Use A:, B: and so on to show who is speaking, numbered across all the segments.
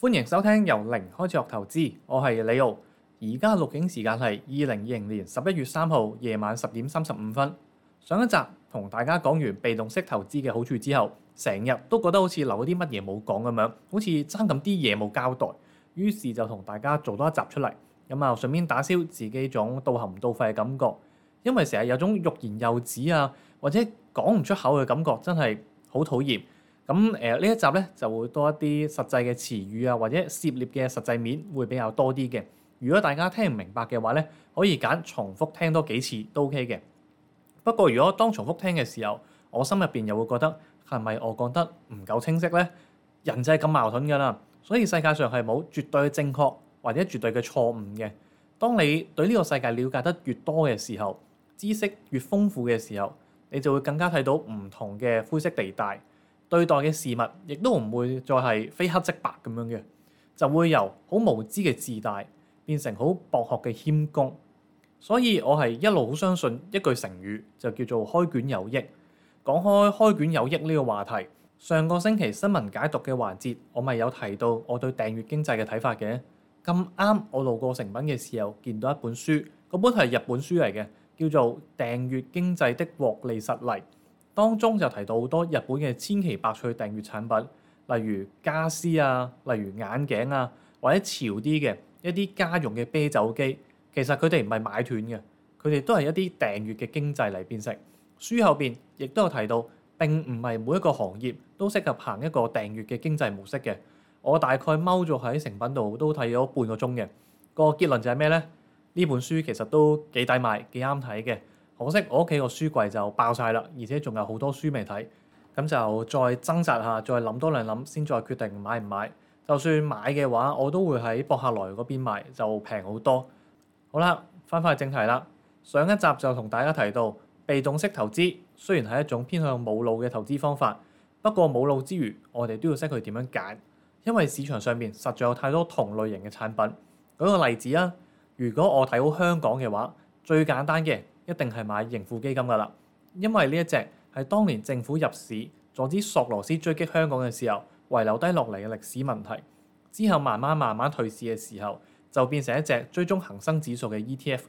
A: 歡迎收聽由零開始學投資，我係李奧。而家錄影時間係二零二零年十一月三號夜晚十點三十五分。上一集同大家講完被動式投資嘅好處之後，成日都覺得好似留咗啲乜嘢冇講咁樣，好似爭咁啲嘢冇交代。於是就同大家做多一集出嚟，咁啊順便打消自己種到唔到肺嘅感覺。因為成日有種欲言又止啊，或者講唔出口嘅感覺，真係好討厭。咁誒呢一集咧，就會多一啲實際嘅詞語啊，或者涉獵嘅實際面會比較多啲嘅。如果大家聽唔明白嘅話咧，可以揀重複聽多幾次都 OK 嘅。不過如果當重複聽嘅時候，我心入邊又會覺得係咪我講得唔夠清晰咧？人就係咁矛盾㗎啦，所以世界上係冇絕對嘅正確或者絕對嘅錯誤嘅。當你對呢個世界瞭解得越多嘅時候，知識越豐富嘅時候，你就會更加睇到唔同嘅灰色地帶。對待嘅事物，亦都唔會再係非黑即白咁樣嘅，就會由好無知嘅自大變成好博學嘅謙恭。所以我係一路好相信一句成語，就叫做開卷有益。講開開卷有益呢個話題，上個星期新聞解讀嘅環節，我咪有提到我對訂閱經濟嘅睇法嘅。咁啱，我路過誠品嘅時候見到一本書，嗰本係日本書嚟嘅，叫做《訂閱經濟的獲利實例》。當中就提到好多日本嘅千奇百趣訂閱產品，例如傢俬啊，例如眼鏡啊，或者潮啲嘅一啲家用嘅啤酒機。其實佢哋唔係買斷嘅，佢哋都係一啲訂閱嘅經濟嚟變成。書後邊亦都有提到，並唔係每一個行業都適合行一個訂閱嘅經濟模式嘅。我大概踎咗喺成品度都睇咗半個鐘嘅，個結論就係咩咧？呢本書其實都幾抵買，幾啱睇嘅。可惜我屋企個書櫃就爆晒啦，而且仲有好多書未睇，咁就再掙扎下，再諗多兩諗先，再，再決定買唔買。就算買嘅話，我都會喺博客來嗰邊買，就平好多。好啦，翻返去正題啦。上一集就同大家提到，被動式投資雖然係一種偏向冇腦嘅投資方法，不過冇腦之餘，我哋都要識佢點樣揀，因為市場上面實在有太多同類型嘅產品。舉個例子啊，如果我睇好香港嘅話，最簡單嘅。一定係買盈富基金噶啦，因為呢一隻係當年政府入市阻止索羅斯追擊香港嘅時候，遺留低落嚟嘅歷史問題。之後慢慢慢慢退市嘅時候，就變成一隻追蹤恒生指數嘅 ETF。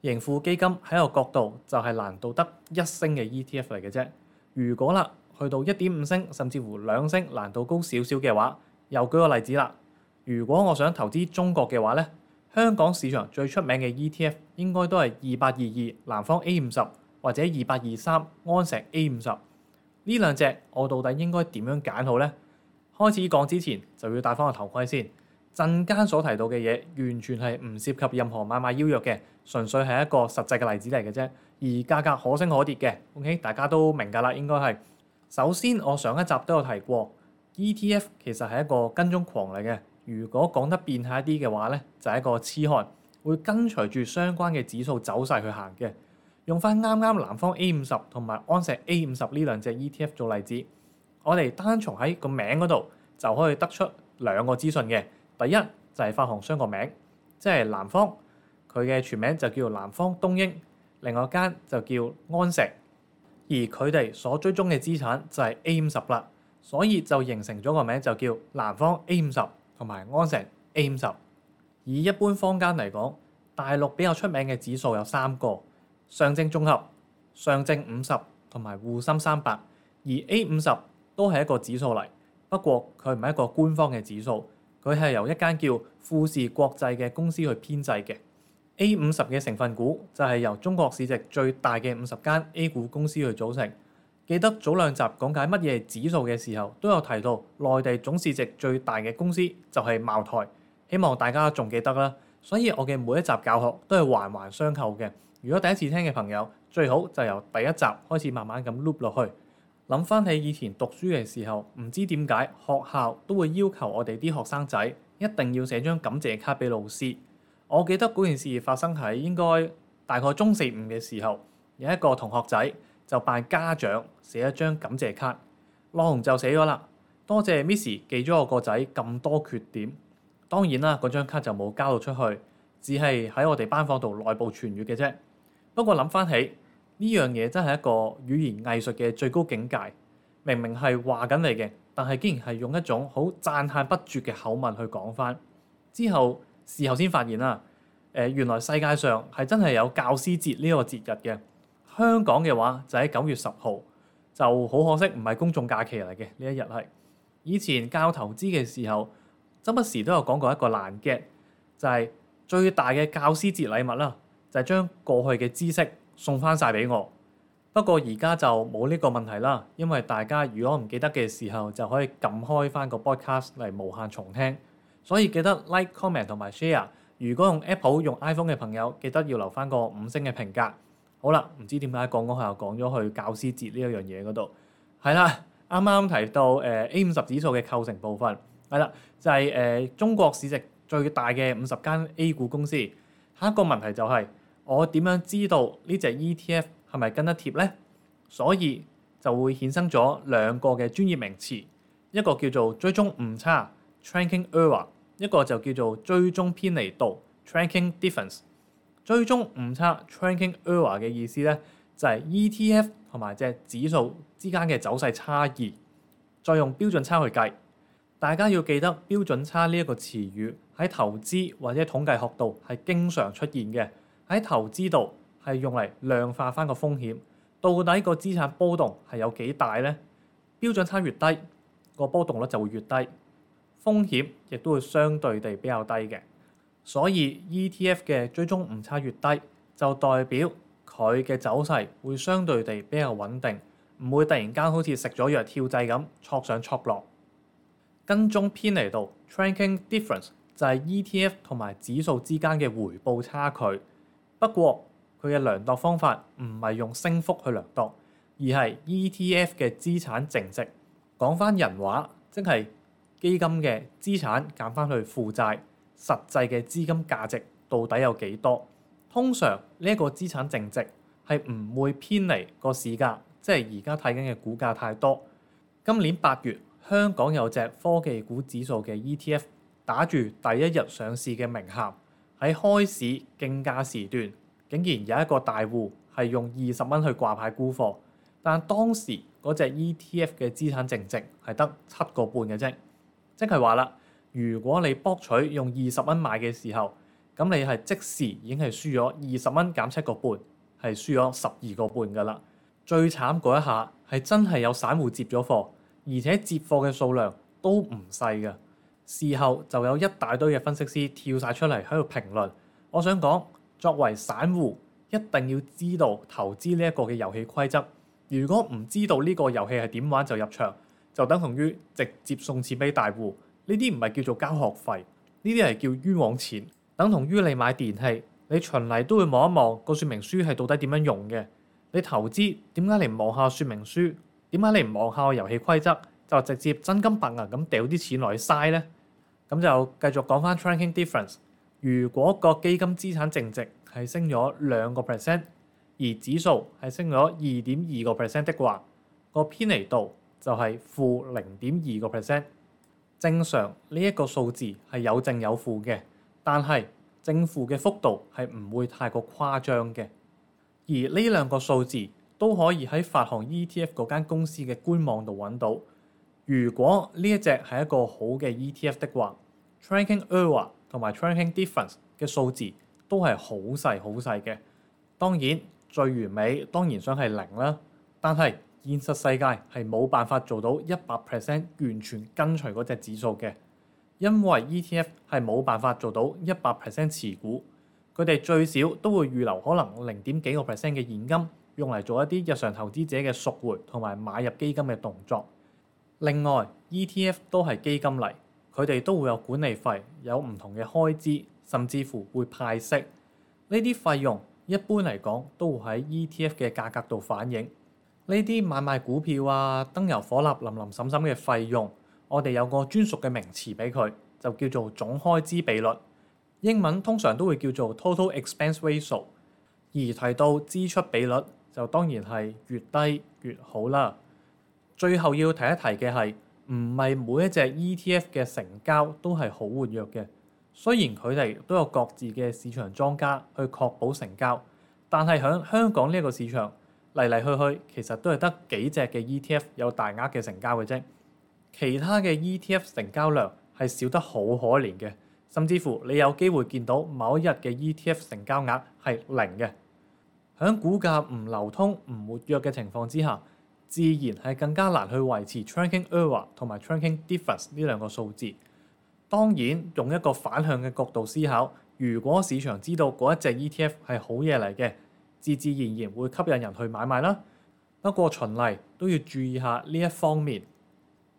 A: 盈富基金喺個角度就係難度得一星嘅 ETF 嚟嘅啫。如果啦，去到一點五星，甚至乎兩星，難度高少少嘅話，又舉個例子啦，如果我想投資中國嘅話咧。香港市場最出名嘅 ETF 應該都係二八二二南方 A 五十或者二八二三安碩 A 五十呢兩隻，兩隻我到底應該點樣揀好呢？開始講之前就要戴翻個頭盔先。陣間所提到嘅嘢完全係唔涉及任何買賣邀約嘅，純粹係一個實際嘅例子嚟嘅啫。而價格可升可跌嘅，OK，大家都明㗎啦，應該係。首先，我上一集都有提過，ETF 其實係一個跟蹤狂嚟嘅。如果講得變態一啲嘅話咧，就係、是、一個痴漢會跟隨住相關嘅指數走勢去行嘅。用翻啱啱南方 A 五十同埋安石 A 五十呢兩隻 ETF 做例子，我哋單從喺個名嗰度就可以得出兩個資訊嘅。第一就係發行商個名，即係南方佢嘅全名就叫南方東英，另外一間就叫安石，而佢哋所追蹤嘅資產就係 A 五十啦，所以就形成咗個名就叫南方 A 五十。同埋安碩 A 五十，以一般坊間嚟講，大陸比較出名嘅指數有三個：上證綜合、上證五十同埋滬深三百。而 A 五十都係一個指數嚟，不過佢唔係一個官方嘅指數，佢係由一間叫富時國際嘅公司去編製嘅。A 五十嘅成分股就係由中國市值最大嘅五十間 A 股公司去組成。記得早兩集講解乜嘢係指數嘅時候，都有提到內地總市值最大嘅公司就係茅台，希望大家仲記得啦。所以我嘅每一集教學都係環環相扣嘅。如果第一次聽嘅朋友，最好就由第一集開始慢慢咁 loop 落去。諗翻起以前讀書嘅時候，唔知點解學校都會要求我哋啲學生仔一定要寫張感謝卡俾老師。我記得嗰件事發生喺應該大概中四五嘅時候，有一個同學仔。就扮家長寫一張感謝卡，樂雄就寫咗啦，多謝 Miss 寄咗我個仔咁多缺點。當然啦，嗰張卡就冇交到出去，只係喺我哋班房度內，內部傳閱嘅啫。不過諗翻起呢樣嘢真係一個語言藝術嘅最高境界。明明係話緊嚟嘅，但係竟然係用一種好讚歎不絕嘅口吻去講翻。之後事後先發現啦，誒原來世界上係真係有教師節呢個節日嘅。香港嘅話就喺九月十號，就好可惜唔係公眾假期嚟嘅呢一日係以前教投資嘅時候，暫不時都有講過一個爛 gag，就係最大嘅教師節禮物啦，就係將過去嘅知識送翻晒俾我。不過而家就冇呢個問題啦，因為大家如果唔記得嘅時候就可以撳開翻個 podcast 嚟無限重聽。所以記得 like comment 同埋 share。如果用 Apple 用 iPhone 嘅朋友，記得要留翻個五星嘅評價。好啦，唔知點解講講下又講咗去教師節呢一樣嘢嗰度，係啦，啱啱提到誒、呃、A 五十指數嘅構成部分，係啦，就係、是、誒、呃、中國市值最大嘅五十間 A 股公司。下一個問題就係、是、我點樣知道呢隻 ETF 係咪跟得貼咧？所以就會衍生咗兩個嘅專業名詞，一個叫做追蹤誤差 （tracking error），一個就叫做追蹤偏離度 （tracking difference）。Tr 追蹤誤差 （tracking error） 嘅意思咧，就係 ETF 同埋隻指數之間嘅走勢差異，再用標準差去計。大家要記得標準差呢一個詞語喺投資或者統計學度係經常出現嘅。喺投資度係用嚟量化翻個風險，到底個資產波動係有幾大咧？標準差越低，個波動率就會越低，風險亦都會相對地比較低嘅。所以 ETF 嘅追蹤誤差越低，就代表佢嘅走勢會相對地比較穩定，唔會突然間好似食咗藥跳掣咁挫上挫落。跟蹤偏離度 （Tracking Difference） 就係 ETF 同埋指數之間嘅回報差距。不過佢嘅量度方法唔係用升幅去量度，而係 ETF 嘅資產淨值。講翻人話，即係基金嘅資產減翻去負債。實際嘅資金價值到底有幾多？通常呢一個資產淨值係唔會偏離個市價，即係而家睇緊嘅股價太多。今年八月，香港有隻科技股指數嘅 ETF 打住第一日上市嘅名銜，喺開市競價時段，竟然有一個大戶係用二十蚊去掛牌沽貨，但當時嗰隻 ETF 嘅資產淨值係得七個半嘅啫，即係話啦。如果你博取用二十蚊買嘅時候，咁你係即時已經係輸咗二十蚊減七個半，係輸咗十二個半噶啦。最慘嗰一下係真係有散戶接咗貨，而且接貨嘅數量都唔細㗎。事後就有一大堆嘅分析師跳晒出嚟喺度評論。我想講，作為散戶一定要知道投資呢一個嘅遊戲規則。如果唔知道呢個遊戲係點玩就入場，就等同於直接送錢俾大戶。呢啲唔係叫做交學費，呢啲係叫冤枉錢，等同於你買電器，你循例都會望一望個說明書係到底點樣用嘅。你投資點解你唔望下説明書？點解你唔望下個遊戲規則就直接真金白銀咁掉啲錢落去嘥呢？咁就繼續講翻 tracking difference。如果個基金資產淨值係升咗兩個 percent，而指數係升咗二點二個 percent 的話，個偏離度就係負零點二個 percent。正常呢一個數字係有正有負嘅，但係正負嘅幅度係唔會太過誇張嘅。而呢兩個數字都可以喺發行 ETF 嗰間公司嘅官網度揾到。如果呢一隻係一個好嘅 ETF 的話，tracking error 同埋 tracking difference 嘅數字都係好細好細嘅。當然最完美當然想係零啦，但係，現實世界係冇辦法做到一百 percent 完全跟隨嗰隻指數嘅，因為 ETF 係冇辦法做到一百 percent 持股，佢哋最少都會預留可能零點幾個 percent 嘅現金，用嚟做一啲日常投資者嘅贖回同埋買入基金嘅動作。另外，ETF 都係基金嚟，佢哋都會有管理費、有唔同嘅開支，甚至乎會派息。呢啲費用一般嚟講都會喺 ETF 嘅價格度反映。呢啲買賣股票啊、燈油火蠟、林林沈沈嘅費用，我哋有個專屬嘅名詞俾佢，就叫做總開支比率，英文通常都會叫做 total expense ratio。而提到支出比率，就當然係越低越好啦。最後要提一提嘅係，唔係每一隻 ETF 嘅成交都係好活躍嘅。雖然佢哋都有各自嘅市場莊家去確保成交，但係喺香港呢一個市場。嚟嚟去去，其實都係得幾隻嘅 ETF 有大額嘅成交嘅啫，其他嘅 ETF 成交量係少得好可憐嘅，甚至乎你有機會見到某一日嘅 ETF 成交額係零嘅。響股價唔流通、唔活躍嘅情況之下，自然係更加難去維持 tracking error 同埋 tracking difference 呢兩個數字。當然，用一個反向嘅角度思考，如果市場知道嗰一隻 ETF 係好嘢嚟嘅，自自然然會吸引人去買賣啦。不過循例都要注意下呢一方面。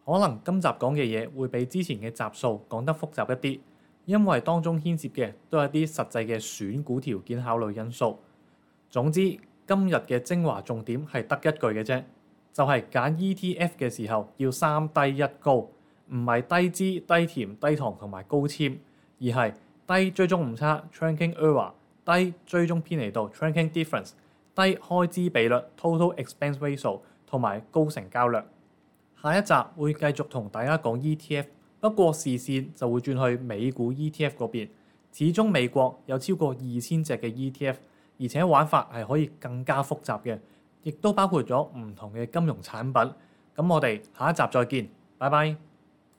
A: 可能今集講嘅嘢會比之前嘅集數講得複雜一啲，因為當中牽涉嘅都係啲實際嘅選股條件考慮因素。總之今日嘅精華重點係得一句嘅啫，就係、是、揀 ETF 嘅時候要三低一高，唔係低脂、低甜、低糖同埋高纖，而係低追蹤誤差 （tracking error 低追蹤偏離度 （Tracking Difference）、低開支比率 （Total Expense Ratio） 同埋高成交量。下一集會繼續同大家講 ETF，不過視線就會轉去美股 ETF 嗰邊。始終美國有超過二千隻嘅 ETF，而且玩法係可以更加複雜嘅，亦都包括咗唔同嘅金融產品。咁我哋下一集再見，拜拜。